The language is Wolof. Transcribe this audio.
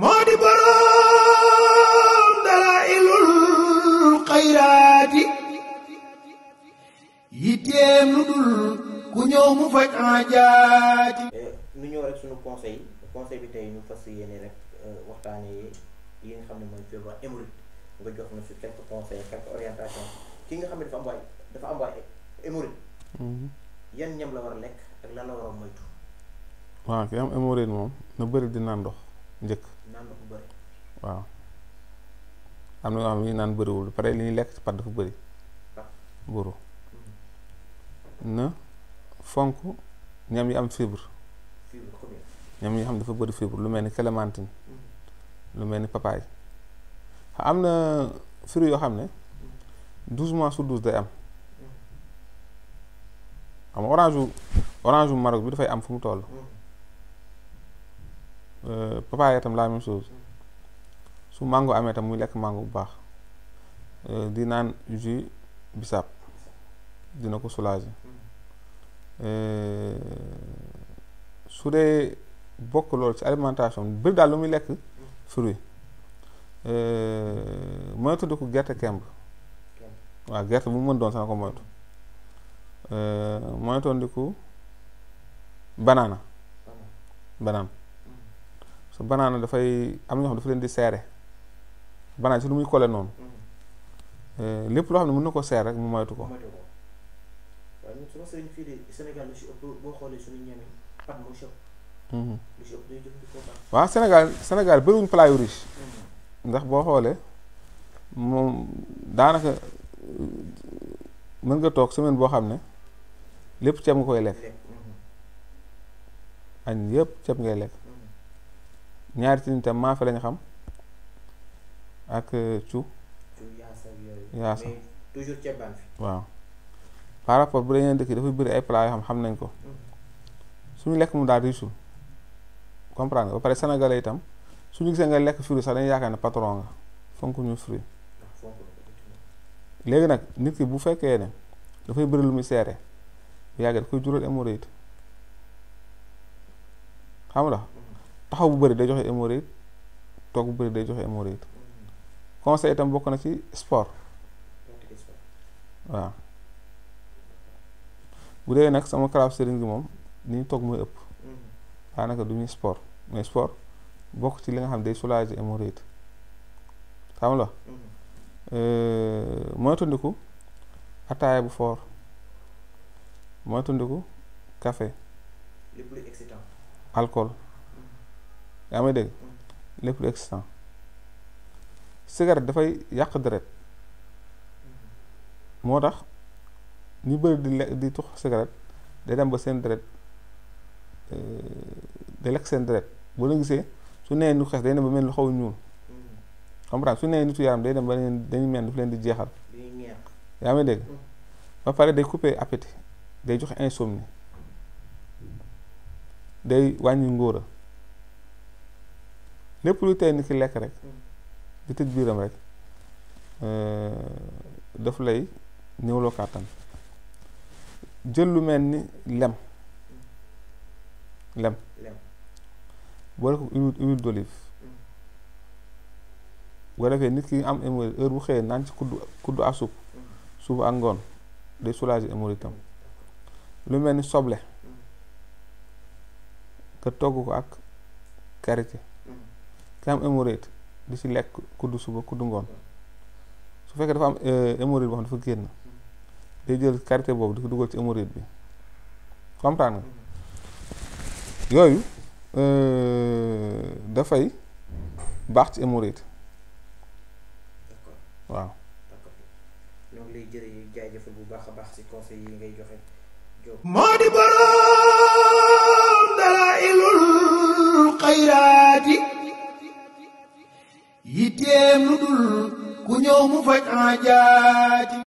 moo di boroom dalailul xayraati yitteem lu dul ku ñëw mu faj aajaati ñu ñëw rek suñu conseil conseil bi tey ñu fas yéene rek euh, waxtaanee yi nga xam ne mooy feebar hémorroïde nga jox na si quelques conseils quelques orientations ki nga xam ne dafa am waay dafa am waay mhm. yan ñam la war a lekk ak lan la war a moytu waaw ki am hémorroïde moom na bëri di naan ndox njëkk waaw am na ñoo xam ne naan bëriwul pare li ñuy lekk ci pat dafa bëri mburu mm-hmm. na fonk ñam yi am fibre ñam yi am dafa bëri fibre lu mel ni clémentine mm-hmm. lu mel ni papaye am na fruits yoo xam ne mm-hmm. douze mois su douze day am xam orange orange Maroc bi dafay am fu mu toll Euh, papaaya tam la même chose su mango amee tam muy lekk mango bu baax euh, di naan jus bisaab dina ko soulager euh, su dee bokk loolu ci alimentation bëri daal lu muy lekk fruit mën a tudd ko gerte kemb waaw gerte bu mu mën doon sax na ko moytu moytoon di ko banaana banaan su banaana dafay am na ñoo xam dafa leen di seere banaan si lu muy kole noonu eh, lépp loo xam ne mën na ko seer rek mu moytu ko mm-hmm. waaw Sénégal Sénégal bëriwuñ plat yu riche mm-hmm. ndax boo xoolee moom daanaka mën nga toog semaine boo xam ne lépp ceeb nga koy lekk mm-hmm. añ yëpp ceeb ngay lekk ñaari si tam maafe lañu xam ak cu euh, yaasa toujours waaw par rapport bu dee yeneen dëkk yi dafa bëri ay plat yoo xam xam nañ ko mm-hmm. suñu lekk mu daal riche comprendre ba pare sénégalais itam suñu gisee nga lekk fruit sax dañuy yaakaar ne patron nga fonk ñu fruit ah, léegi nag nit ki bu fekkee ne dafay bëri lu muy seere bu yàggee da koy jural hémorroïde xam nga taxaw bu bëri day joxe hémorroïde toog bu bëri day joxe hémorroïde conseil itam bokk na ci sport waaw bu dee nag sama kalaaf sëriñ gi moom ni ñu toog mooy ëpp daanaka du ñuy sport mais sport bokk ci li nga xam day soulager hémorroïde xam la mooy tundiku ataaya bu fort mooy tundiku café lépp yaa may dégg lépp lu excitant cigarette dafay yàq deret moo tax ñu bëri di le di tux cigarette day dem ba seen deret euh, day lekk seen deret boo la gisee su nee nu xees day dem ba mel lu xaw ñuul comprendre su nee nitu yaram day dem ba dañuy mel daf leen di jeexal yaa may dégg ba pare day couper appétit day joxe insomnie day wàññi ngóora lépp lu tey nit ki lekk rek di tëj biiram rek euh, daf lay néewloo kàttan jël lu mel ni lem lem boole ko huile d'olive boo defee nit ki am hémorroïde heure bu xëyee naan ci kuddu kuddu ak ak ngoon day soulager hémorroïde itam lu mel ni soble nga togg ko ak karité ki am hémorroïde di ci lekk kuddu suba kuddu ngoon su fekkee dafa am eh, hémorroïde boo xam dafa génn day jël karité boobu di ko dugal ci hémorroïde bi comprendre nga yooyu eh, dafay baax ci hémorroïde waaw ñoo ngi lay jërëjëf bu baax a baax ci conseil liggéeyam lu dul ku ñëw mu faj aajaati